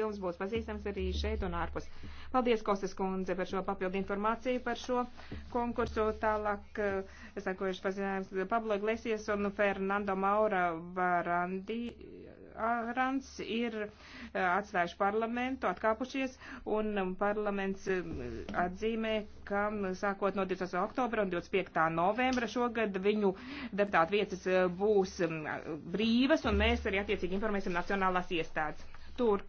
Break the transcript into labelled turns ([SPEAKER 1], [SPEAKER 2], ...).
[SPEAKER 1] jums būs pazīstams arī šeit un ārpus. Paldies, Kostas kundze, par šo papildu informāciju par šo konkursu. Tālāk eh, sakojuši pazīstams Pablo Iglesias un Fernando Maura Barandi. Arants ir eh, atstājuši parlamentu, atkāpušies, un parlaments eh, atzīmē, ka mm, sākot no 20. oktobra un 25. novembra šogad viņu deputātu vietas būs mm, brīvas, un mēs arī attiecīgi informēsim nacionālās iestādes. Tur